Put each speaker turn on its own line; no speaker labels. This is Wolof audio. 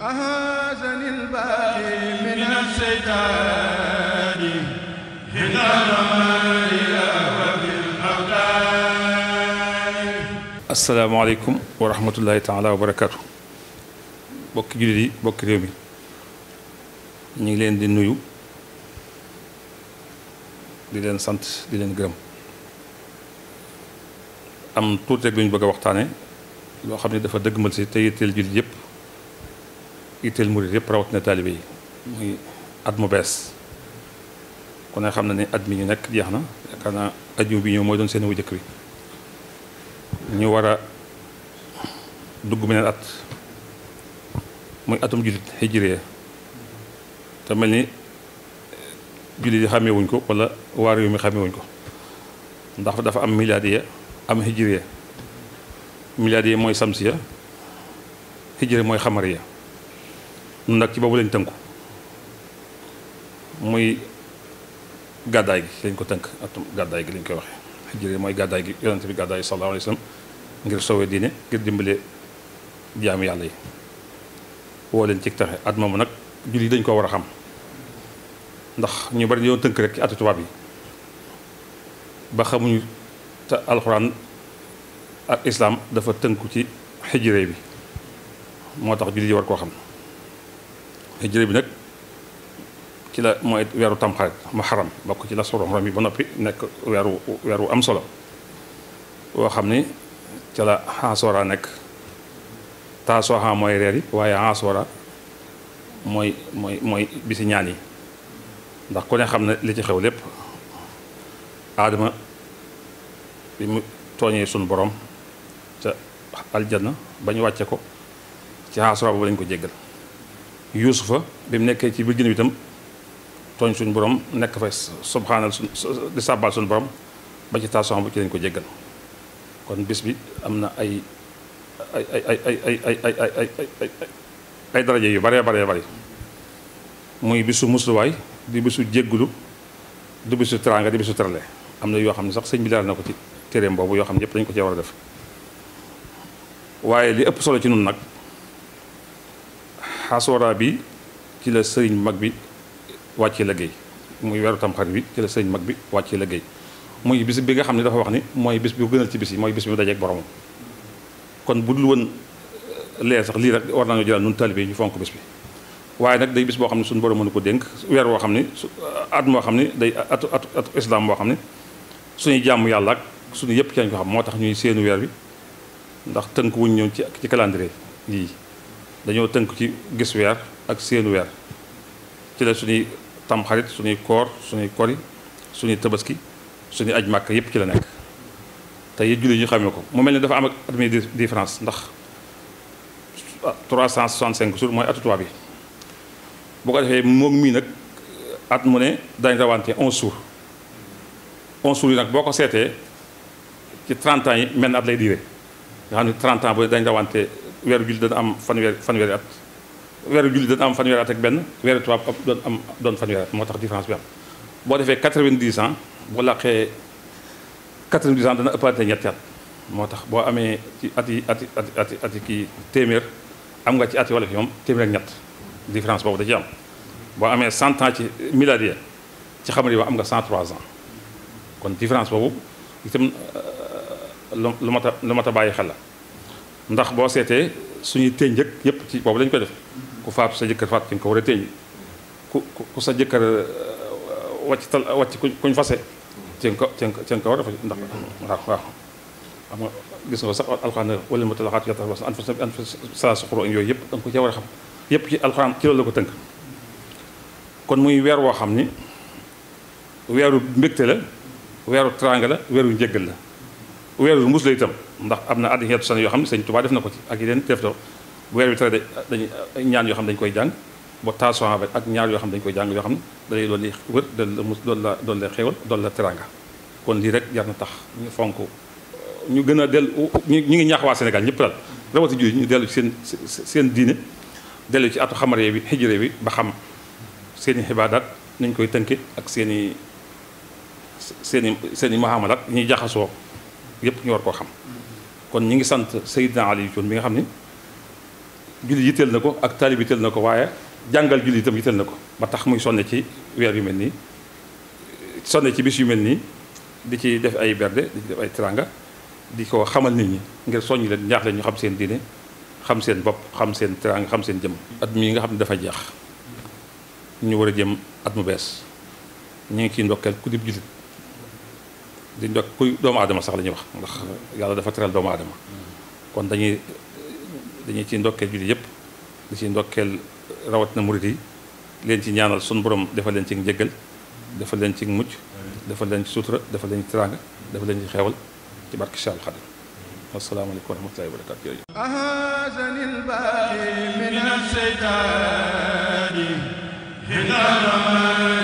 أهازني الباقي من السيطان حين رمى asalaamaaleykum wa rahmatullahi taala wa barakaatu bokki jullit yi bokki réew mi ñu ngi leen di nuyu di leen sant di leen gërëm am tuuti rek lu ñu bëgg a loo xam ne dafa dëggmal si te yitteel jullit yëpp itteel murit yëpp rawatina taalibe yi muy at mu bees ku ne xam na ne at mi ñu nekk jeex na yaakaar naa bi ñëw mooy doon seen wu jëkk bi ñu war a dugg beneen at muy atum jullit hijriya te mel ni jullit yi ko wala waar yu mi xàmmewuñ ko ndax dafa am milaadiya am hijriya milaadiya mooy samsiya hijriya mooy xamariya nun nag ci boobu lañ tënku muy gàddaay gi lañ ko tënk atum gàddaay gi lañ koy waxee hijra mooy gàddaay gi yonente bi gàddaay sallallahu alayhi wa sallam ngir soowee diine ngir dimbale jaami yàlla yi woo leen ci taxe at moomu nag julli dañ ko war a xam ndax ñu bari dañoo tënk rek ci atu tubaab yi ba xamuñu te alxuraan ak dafa tënku ci hijra bi moo tax julli war koo xam hijra bi nag ci la mooy weeru tamxarit muharram bokk ci la suru muharram yi ba noppi nekk weeru weeru am solo woo xam ni ca la xaasoora nekk taasooxa mooy reer yi waaye xaasoora mooy mooy mooy bisi ñaan yi ndax ku ne xam ne li ci xew lépp aadama bi mu tooñee suñu borom ca aljanna ba wàcce ko ci xaasoora boobu lañ ko jéggal yuusufa bi mu nekkee ci biir bi itam tooñ suñ borom nekk fa subhaanal suñ di sàbbaal ba ci taasoo bu ci lañ ko jéggal kon bis bi am na ay ay ay ay ay ay ay ay ay ay daraje yu bare bare bare muy bisu musluwaay di bisu jéggulu du bisu teraanga di bisu terale am na yoo xam ne sax sëñ bi daal na ko ci téeréem boobu yoo xam ne yëpp dañ ko cee war a def waaye li ëpp solo ci nun nag xasora bi ci la sëriñ mag bi wàcce liggéey muy weeru tamxarit bi ci la sëriñ mag bi wàcce liggéey muy bis bi nga xam ne dafa wax ni mooy bis bi gënal ci bis yi mooy bis bi mu kon bu dul woon euh, lee sax lii rek war nañoo jëlaat nun taalibe yi ñu fonk bis bi waaye nag day bis boo xam ne suñu borom mënu ko dénk weer woo xam ne euh, at moo xam ne day euh, atu atu islam boo xam ne suñuy jàmm yàlla ak suñu yëpp ci lañ ko xam moo tax ñuy seenu weer bi ndax tënk wuñ ñëw ci ci calendrier yii dañoo tënk ci gis weer ak seenu weer ci la suñuy tamxarit suñuy koor suñuy kori suñuy tabaski suñuy aj màkk yépp ci la nekk te it julli ñu xamee ko mu mel ni dafa am ak at mi différence ndax 365 jours mooy atu tubaab bi bu ko defee moom mii nag at mu ne dañ rawante 11 jours 11 jours yi nag boo ko seetee ci 30 ans yi mel na at lay diire nga xam ne 30 ans bu dañ rawante weeru julli dana am fanweer fanweeri at weeru julli dana am fanweeri at benn weeru tubaab doon am doon fanweeri at moo tax différence bi am boo defee quatre-vingt-dix ans boo laqee quatre-vingt-dix ans dana ëppaate at moo tax boo amee ci at yi at ati ati kii téeméer am nga ci ati wala ñett différence boobu da am boo amee cent ans ci miladier ci xamari ba am nga cent trois ans kon différence boobu itam euh, lu mat lu mat a bàyyi xel ndax boo seetee suñu téeñ yëg yëpp ci boobu lañ koy def ku faatu sa jëkkër faatu ci ko war a téeñ ku ku sa jëkkër uh, wàcc tal uh, wàcc kuñ fase ci nga ko ci nga ko ci nga ko war a def ndax waaw waaw xam nga gis nga sax alxuraan wala an fa an fa saa su xuroo yooyu yëpp da nga ko cee war a xam yëpp ci alxuraan ci loolu la ko tënk kon muy weer woo xam ni weeru mbégte la weeru teraanga la weeru njëggal la weeru mbuus la itam ndax am na addi xeetu san yoo xam ne sëñ Tuubaa def na ko ci ak yeneen def do bu weer bi tere dañuy ñaan yoo xam ne dañu koy jàng ba taasoo ak ñaar yoo xam ne dañu koy jàng yoo xam ne dalay doon li wër doon la doon la xéewal doon la teranga kon lii rek jar na tax ñu fonk ñu gën a dellu ñu ngi ñaax waa ñëpp daal rawati ju ñu dellu seen seen diine dellu ci atu xamaree bi xijire bi ba xam seen i xibaadaat nañ koy tënke ak seeni seeni seen i seen ñuy jaxasoo yépp ñu war ko xam kon ñu ngi sant Seydina Aliou Thioune mi nga xam ni julli yitteel na ko ak taalib yitteel na ko waaye jàngal julli itam yitteel na ko ba tax muy sonne ci weer yu mel nii sonne ci bis yu mel nii di ci def ay berde di ci def ay tiranga di ko xamal nit ñi ngir soññ leen ñaax leen ñu xam seen diine xam seen bopp xam seen tiranga xam seen jëm at mii nga xam ne dafa jeex ñu war a jëm at mu bees ñu ngi ciy ndokkeel ku di jullit duñ doog kuy doomu aadama sax la ñuy wax ndax yàlla dafa teral doomu adama kon dañuy dañuy ci ndokkeel jullit yëpp di ciy ndokkeel rawat na murit yi leen ci ñaanal sun borom defal leen ci njëggal defal leen ci mucc defal leen ci sutura defal leen ci teraanga defal leen ci xeewal ci barke Seex Xaadim asalaamaaleykum wa rahmatullahi barakaatu jërëjëf